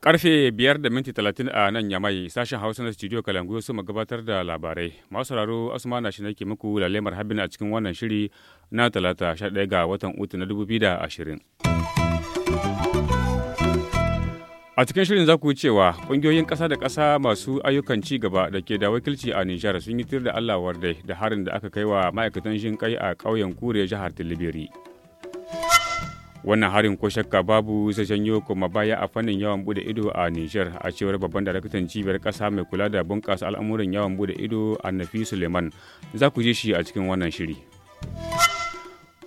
Karfe biyar da minti talatin a nan Yamai, sashen Hausa na studio Kalangu su gabatar da labarai. Masu sauraro Asma na shi nake muku lalemar habin a cikin wannan shiri na talata sha ɗaya ga watan Utu na dubu da 2020. A cikin shirin za ku cewa kungiyoyin ƙasa da ƙasa masu ayyukan ci gaba da ke da wakilci a Nijar sun yi tir da Allah wardai da harin da aka kai wa ma'aikatan jin kai a ƙauyen Kure jihar Tilibiri. Wannan harin ko shakka babu zai janyo kuma baya a fannin yawan bude ido a Nijar a cewar babban daraktan cibiyar ƙasa mai kula da bunƙasa al'amuran yawan bude ido a Nafi Suleiman. Za ku ji shi a cikin wannan shiri.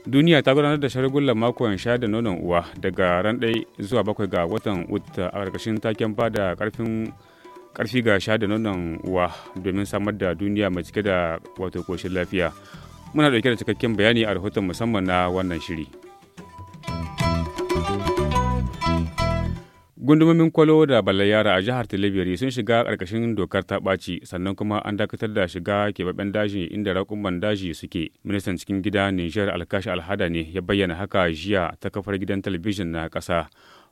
duniya ta gudanar da shargullar makon sha da nonon uwa daga ran ɗai zuwa bakwai ga watan uta a ƙarƙashin taken ba da ƙarfi ga sha da nonon uwa domin samar da duniya mai cike da wato ƙoshin lafiya muna ɗauke da cikakken bayani a rahoton musamman na wannan shiri. Gundumomin Kwalo da Balayara a jihar Talabiri sun shiga karkashin dokar ta ɓaci sannan kuma an dakatar da shiga keɓaɓɓen daji inda raƙuman daji suke. Ministan cikin gida Nijar Alkashi Alhada ne ya bayyana haka jiya ta kafar gidan talabijin na ƙasa.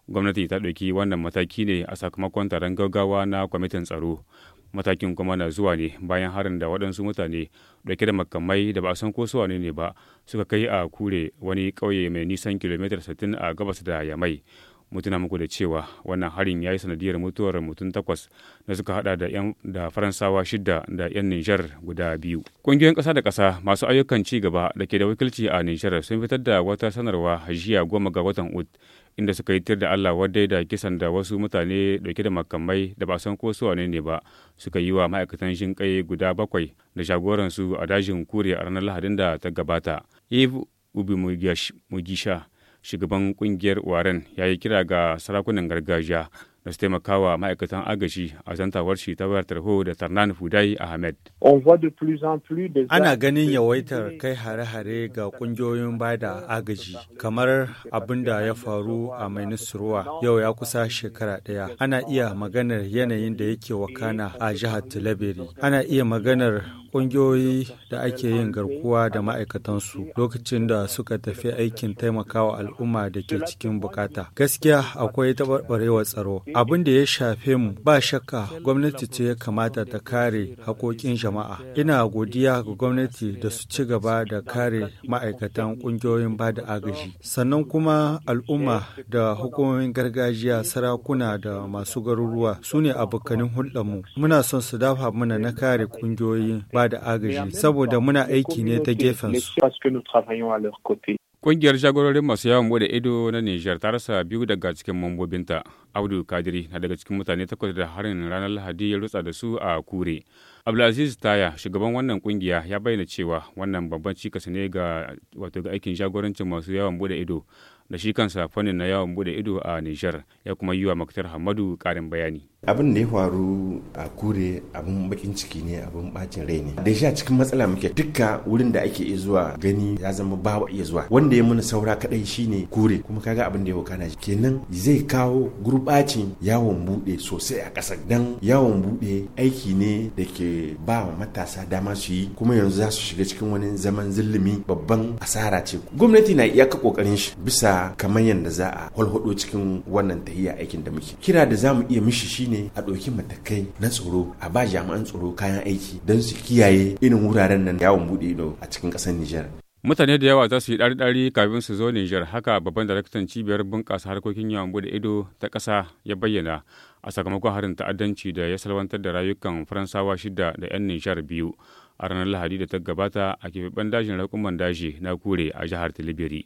Gwamnati ta ɗauki wannan mataki ne a sakamakon taron gaggawa na kwamitin tsaro. Matakin kuma na zuwa ne bayan harin da waɗansu mutane ɗauke da makamai da ba a san ko ne ba suka kai a kure wani ƙauye mai nisan kilomita 60 a gabas da Yamai. mu muku da cewa wannan harin ya yi sanadiyar mutuwar mutum takwas na suka hada da yan da faransawa shida da yan nijar guda biyu ƙungiyoyin ƙasa da ƙasa masu ayyukan ci gaba da ke da wakilci a nijar sun fitar da wata sanarwa jiya goma ga watan ut inda suka yi tir da allah wadai da kisan da wasu mutane dauke da makamai da ba san ko su ne ba suka yi wa ma'aikatan kai guda bakwai da shagoransu a dajin kure a ranar lahadin da ta gabata ubi mugisha shugaban kungiyar waren ya yi kira ga sarakunan gargajiya da su taimaka wa ma'aikatan agaji a zantawar shi ta wayar tarho da Tarnan Fudai Ahmed. Ana ganin yawaitar kai hare-hare ga kungiyoyin bada agaji kamar abin da ya faru a Mainisruwa yau ya kusa shekara ɗaya. Ana iya maganar yanayin da yake wakana a jihar Tilaberi. Ana iya maganar kungiyoyi da ake yin garkuwa da ma'aikatansu lokacin da suka tafi aikin taimakawa al'umma da ke cikin bukata. Gaskiya akwai taɓarɓarewar tsaro Abin da ya shafe mu ba shakka gwamnati ce ya kamata ta kare haƙoƙin jama'a. Ina godiya ga gwamnati da su ci gaba da kare ma'aikatan ƙungiyoyin ba da agaji. Sannan kuma al'umma da hukumomin gargajiya sarakuna da masu garuruwa su ne abokanin hulɗarmu. Muna son su dafa mana na kare ƙungiyoyin ba da agaji saboda muna aiki ne ta gefensu. Ƙungiyar jagororin masu yawon bude ido na Nijar ta rasa biyu daga cikin mambobinta. Abdul Kadiri na daga cikin mutane takwas da harin ranar Lahadi ya rutsa da su a Kure. Abdulaziz Taya, shugaban wannan kungiya ya bayyana cewa wannan babban cikas ne ga wato ga aikin jagorancin masu yawon bude ido da shi kansa fannin na yawon bude ido a Nijar ya kuma yiwa wa Maktar Hamadu karin bayani. Abin da ya faru a kure abin bakin ciki ne abin bacin rai ne. Da sha cikin matsala muke dukka wurin da ake iya zuwa gani ya zama ba iya zuwa. Wanda ya mana saura kadai shine kure kuma kaga abin da ya wakana kenan zai kawo gurɓacin yawon bude sosai a kasar. Dan yawon bude aiki ne da ke ba wa matasa dama su yi kuma yanzu za su shiga cikin wani zaman zillimi babban asara ce gwamnati na iyaka kokarin shi bisa kamar yadda za a holhodo cikin wannan tahiya aikin da muke kira da zamu iya mishi shine a ɗauki matakai na tsoro a ba jami'an tsoro kayan aiki don su kiyaye irin wuraren nan yawon bude ido a cikin ƙasar Nijar mutane da yawa za su yi ɗari-ɗari kafin su zo Nijar haka babban daraktan cibiyar bunƙasa harkokin yawon buɗe ido ta ƙasa ya bayyana a sakamakon harin ta'addanci da ya salwantar da rayukan faransawa shida da 'yan Nijar biyu a ranar Lahadi da ta gabata a keɓaɓɓen dajin rakuman daji na kure a jihar Tilibiri.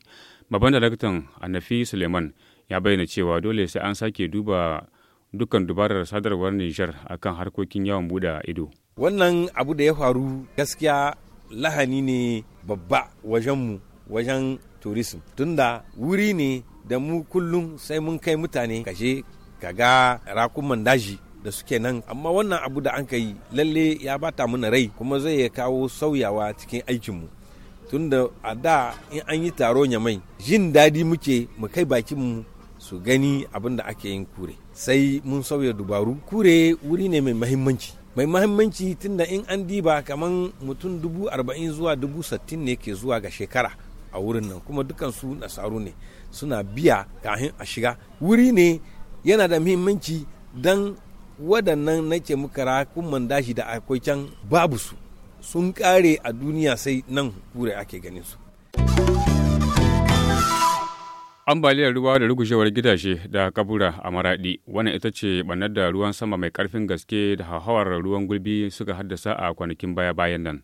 Babban daraktan Anafi Suleiman ya bayyana cewa dole sai an sake duba dukkan dubarar sadarwar Nijar akan harkokin yawon buɗe ido. Wannan abu da ya faru gaskiya lahani ne babba wajenmu wajen turism. tunda wuri ne da mu kullum sai mun kai mutane kashe ga rakuman daji da suke nan amma wannan abu da an yi lalle ya bata mana rai kuma zai ya kawo sauyawa cikin aikinmu tunda a da in an yi taro mai jin daɗi muke mu kai bakinmu su gani abin da ake yin kure sai mun sauya dubaru kure wuri ne mai mahimmanci mai mahimmanci tunda in an diba kamar mutum dubu arba'in zuwa dubu sattin ne ke zuwa ga shekara a wurin nan kuma dukansu nasaru ne suna biya kafin a shiga wuri ne yana da mahimmanci don waɗannan nake muka man dashi da akwai can babu su sun kare a duniya sai nan wuri ake ganin su ambaliyar ruwa da rugujewar gidaje da kabura a maradi wannan ita ce banar da ruwan sama mai karfin gaske da hauhawar ruwan gulbi suka haddasa a kwanakin baya-bayan nan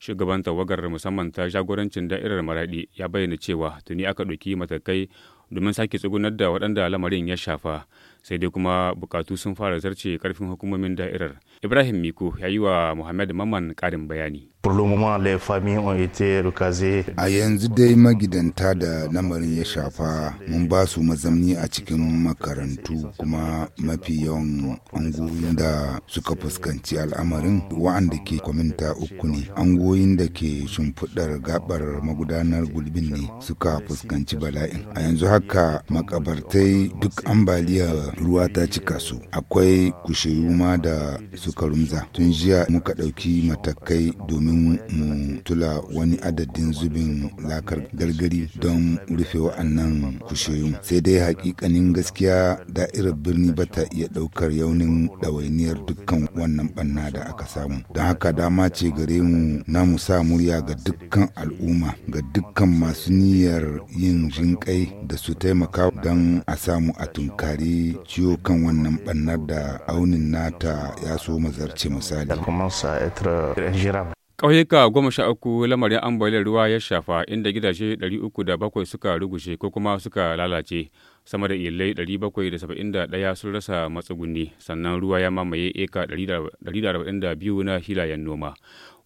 shugaban tawagar musamman ta jagorancin da'irar maradi ya bayyana cewa tuni aka ɗauki matakai domin sake tsugunar da waɗanda lamarin ya shafa sai dai kuma bukatu sun fara zarce karfin hukumomin da'irar ibrahim miko ya yi wa muhammad maman karin bayani a yanzu dai magidanta da namarin ya shafa mun ba su mazamni a cikin makarantu kuma mafi yawan angoyin da suka fuskanci al'amarin wa'anda ke kwaminta uku ne angoyin da ke shimfiɗar gabar magudanar gulbin ne suka fuskanci bala'in a yanzu haka makabartai duk ambaliya ruwa ta cika su akwai kushiru ma da suka rumza tun jiya muka ɗauki matakai domin mu tula wani adadin zubin lakar gargari don rufe wa'annan kushiru sai dai hakikanin gaskiya da'irar birni bata iya ɗaukar yaunin ɗawainiyar dukkan wannan banna da aka samu don haka dama ce gare mu na mu sa murya ga dukkan al'umma ga dukkan masu niyyar yin jinƙai da su taimaka don a samu a tunkari ciwo kan wannan bannar da aunin nata ya so mazarce misali euh, ƙauyuka goma sha uku lamarin ambaliyar ruwa ya shafa inda gidaje bakwai suka rugushe ko kuma suka lalace sama da ilai 771 sun rasa matsuguni sannan ruwa ya mamaye eka da biyu na hilayen noma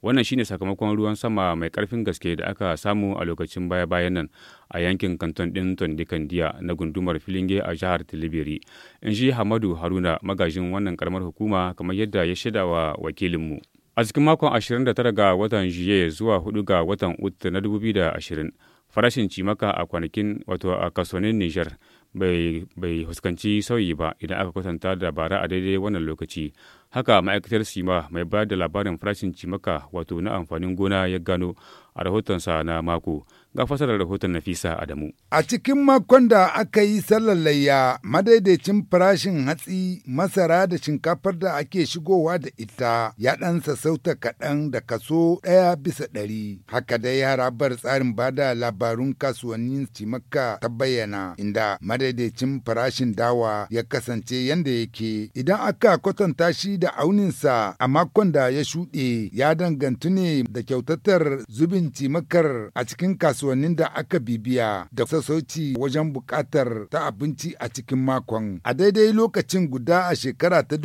wannan shine sakamakon ruwan sama mai karfin gaske da aka samu a lokacin baya-bayan nan a yankin kanton ɗin tondikandiya na gundumar filinge a jihar tilibiri in ji hamadu haruna magajin wannan karamar hukuma kamar yadda ya shaida wa wakilinmu a cikin makon 29 ga watan juye zuwa 4 ga watan ut na 2020 farashin cimaka a kwanakin wato a kasuwannin niger bai fuskanci sauyi ba idan aka kwatanta da bara a daidai wannan lokaci haka ma'aikatar sima mai bayar da labarin farashin cimaka wato na amfanin gona ya gano a rahotonsa na mako ga fasarar rahoton nafisa adamu a cikin makon da aka yi sallar madaidaicin farashin hatsi masara da shinkafar da ake shigowa da ita ya ɗan sassauta kaɗan da kaso ɗaya bisa ɗari haka dai yara bar tsarin bada labarun kasuwannin cimaka ta bayyana inda madaidaicin farashin dawa ya kasance yadda yake idan aka kwatanta shi da da auninsa a makon da ya shuɗe ya dangantu ne da kyautatar zubin cimakar a cikin kasuwannin da aka bibiya da sassauci wajen buƙatar ta abinci a cikin makon. A daidai lokacin guda a shekara ta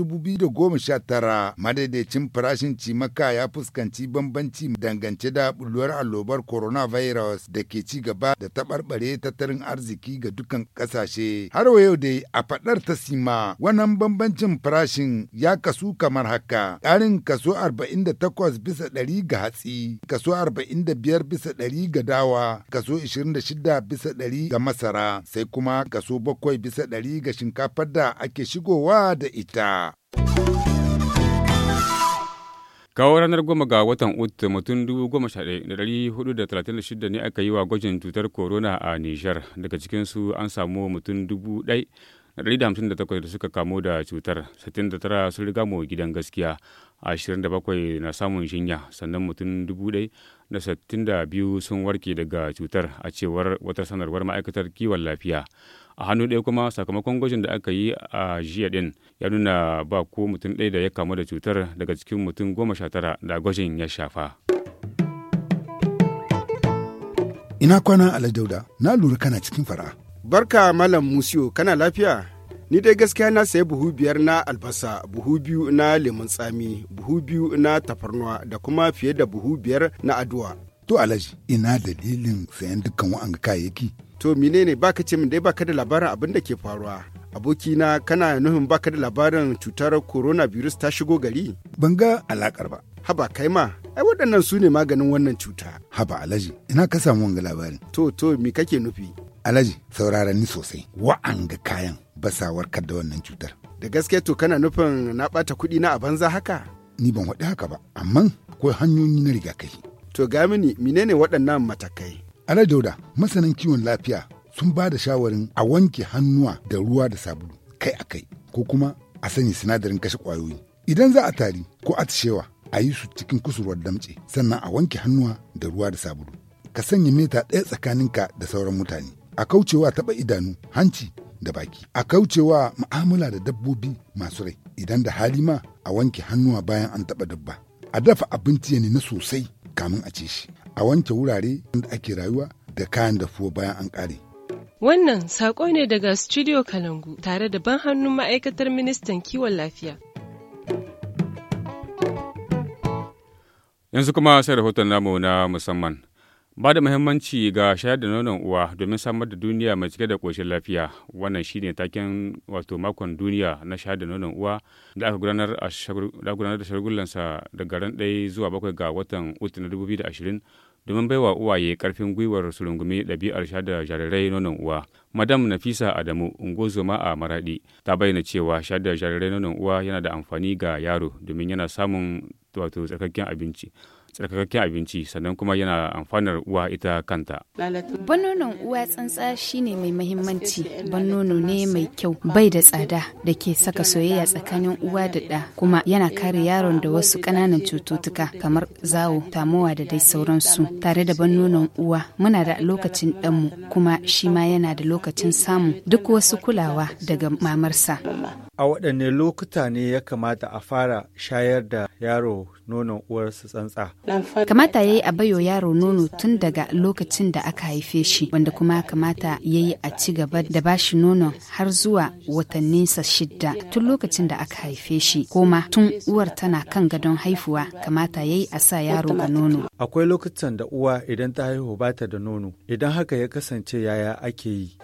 sha tara, madaidaicin farashin cimaka ya fuskanci bambanci dangance da bulwar allobar coronavirus da ke ci gaba da taɓarɓare tattalin arziki ga dukkan ƙasashe. Har yau dai a faɗar ta sima wannan bambancin farashin ya kasu kamar haka ƙarin kaso 48 bisa ɗari ga hatsi kaso 45 bisa ɗari ga dawa kaso 26 bisa ɗari ga masara sai kuma kaso 7 bisa ɗari ga shinkafar da ake shigowa da ita. kawo ranar goma ga watan ut mutum dubu goma sha da dari hudu da talatin da shida ne aka yi wa gwajin cutar corona a nijar daga cikinsu an samu mutum dubu ɗai 158 da da suka kamu da cutar 69 sun riga mu gidan gaskiya 27 na samun jinya sannan mutum 1,062 sun warke daga cutar a cewar wata sanarwar ma'aikatar kiwon lafiya a hannu ɗaya kuma sakamakon gwajin da aka yi a jiya ɗin ya nuna ba ko mutum ɗaya da ya kamu da cutar daga cikin mutum goma sha tara da gwajin ya shafa. Ina kwana Alajauda, na lura kana cikin fara. Barka Malam musio kana lafiya? Ni dai gaskiya na sayi buhu biyar na albasa, buhu biyu na lemun tsami, buhu biyu na tafarnuwa da kuma fiye da buhu biyar na aduwa. To alaji, ina dalilin sayan dukkan wa'anga kayayyaki. To menene baka ce min dai baka da labarin abin da ke faruwa? abokina kana nufin baka da labarin cutar coronavirus ta shigo gari? Ban ga alakar ba. Haba kai ma, ai waɗannan su ne maganin wannan cuta. Haba alaji, ina ka samu wanga labarin. To to me kake nufi? alaji saurarani sosai wa'anga kayan basa warkar da wannan cutar da gaske to kana nufin na bata kuɗi na a banza haka ni ban haɗi haka ba amma akwai hanyoyi na rigakafi to ga mini menene waɗannan matakai alaji dauda masanan kiwon lafiya sun ba da shawarin a wanke hannuwa da ruwa da sabulu kai a kai ko kuma a sanya sinadarin kashe kwayoyi idan za a tari ko atishewa a yi su cikin kusurwar damce sannan a wanke hannuwa da ruwa da sabulu ka sanya mita ɗaya tsakaninka da sauran mutane a kaucewa taɓa idanu hanci da baki a kaucewa mu'amala da dabbobi masu rai idan da hali ma a wanke hannuwa bayan an taɓa dabba a dafa abinci ya na sosai kamin a ce shi a wanke wurare da ake rayuwa da kayan dafuwa bayan an ƙare wannan saƙo ne daga studio kalangu tare da ban hannun ma'aikatar ministan kiwon lafiya yanzu kuma sai rahoton namu na musamman Ba da muhimmanci ga shayar da nonon uwa domin samar da duniya mai cike da ƙoshin lafiya wannan shine taken wato makon duniya na shayar da nonon uwa da aka gudanar da shagullansa daga ran ɗaya zuwa bakwai ga watan Uti na 2020 domin baiwa uwaye karfin gwiwar su rungumi ɗabi'ar shayar da jarirai nonon uwa. Madam Nafisa Adamu Ungozoma a Maradi ta bayyana cewa shayar da jarirai nonon uwa yana da amfani ga yaro domin yana samun wato tsakakken abinci. tsarkakakken abinci sannan kuma yana amfanar uwa ita kanta. bannonon uwa tsantsa shine mai mahimmanci. bannono ne mai kyau bai da tsada da ke saka soyayya tsakanin uwa da ɗa kuma yana kare yaron da wasu ƙananan cututtuka kamar zawo, tamowa da dai sauransu. Tare da bannonon uwa muna da lokacin ɗanmu kuma shi ma yana da lokacin samu duk wasu kulawa daga mamarsa. A waɗanne lokuta ne ya kamata a fara shayar da yaro nonon uwarsa tsantsa? Kamata ya yi a bayo yaro nono tun daga lokacin da aka haife shi wanda kuma kamata ya yi a ci gaba da ba shi nono har zuwa watanninsa shidda tun lokacin da aka haife shi koma tun uwar tana kan gadon haifuwa kamata ya yi a sa yaro a nono. Akwai lokacin da uwa idan ta haihu ta da nono idan haka ya kasance yaya ake yi.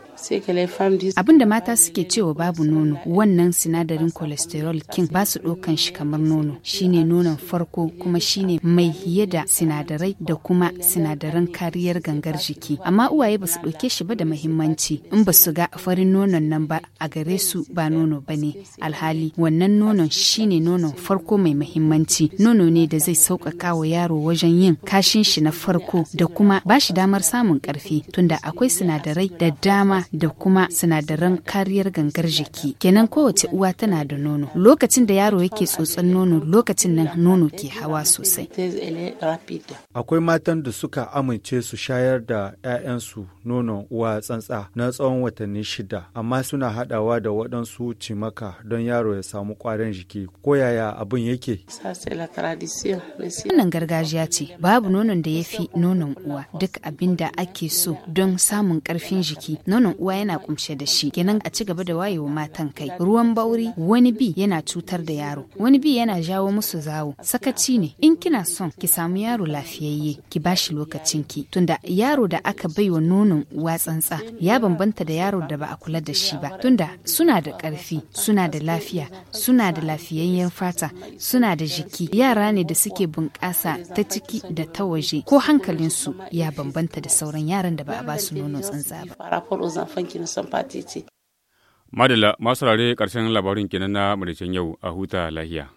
abin da mata suke cewa babu nono wannan sinadarin cholesterol king ba su ɗaukan shi kamar nono shine nonon farko kuma shine mai hiye da sinadarai da kuma sinadaran kariyar gangar jiki amma uwaye ba su ɗauke shi ba da mahimmanci in ba su ga farin nonon nan ba a gare su ba nono ba ne alhali wannan nonon shine nonon farko mai mahimmanci nono ne da zai sauƙaƙa wa yaro wajen yin kashin shi na farko da kuma ba shi damar samun ƙarfi tunda akwai sinadarai da dama da kuma sinadaran kariyar gangar jiki. Kenan kowace uwa tana da nono. Lokacin da yaro yake tsotson nono lokacin nan nono ke hawa sosai. Akwai matan da suka amince su shayar da 'ya'yansu nonon uwa tsantsa na tsawon watanni shida, amma suna haɗawa da waɗansu cimaka don yaro ya samu ƙwarin jiki ko yaya abin yake. Wannan gargajiya ce babu nonon da ya fi nonon uwa duk abin da ake so don samun karfin jiki nonon uwa yana kumshe da shi kenan a ci gaba da wayewa matan kai ruwan bauri wani bi yana cutar da yaro wani bi yana jawo musu zawo sakaci ne in kina son ki samu yaro lafiyayye ki bashi lokacin ki tunda yaro da aka baiwa nonon uwa tsantsa ya bambanta da yaro da ba a kula da shi ba tunda suna da karfi suna da lafiya suna da lafiyayyen fata suna da jiki yara ne da suke bunƙasa ta ciki da ta waje ko hankalinsu ya bambanta da sauran yaran da ba a su nono tsantsa ba fanki na san fati ce. Madalla masu rare ƙarshen labarin kenan na madashin yau a huta lahiya.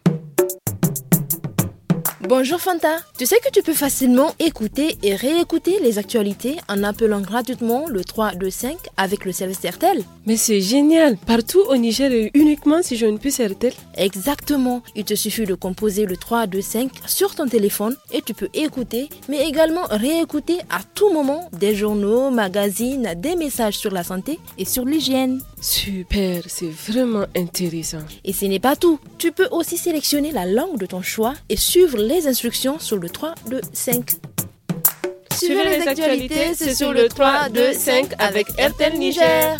Bonjour Fanta, tu sais que tu peux facilement écouter et réécouter les actualités en appelant gratuitement le 325 avec le service RTL. Mais c'est génial, partout au Niger et uniquement si je ne puisse RTL. Exactement, il te suffit de composer le 325 sur ton téléphone et tu peux écouter mais également réécouter à tout moment des journaux, magazines, des messages sur la santé et sur l'hygiène. Super, c'est vraiment intéressant. Et ce n'est pas tout. Tu peux aussi sélectionner la langue de ton choix et suivre les instructions sur le 3, 2, 5. Suivez les actualités, c'est sur le 3, 2, 5 avec RTL Niger.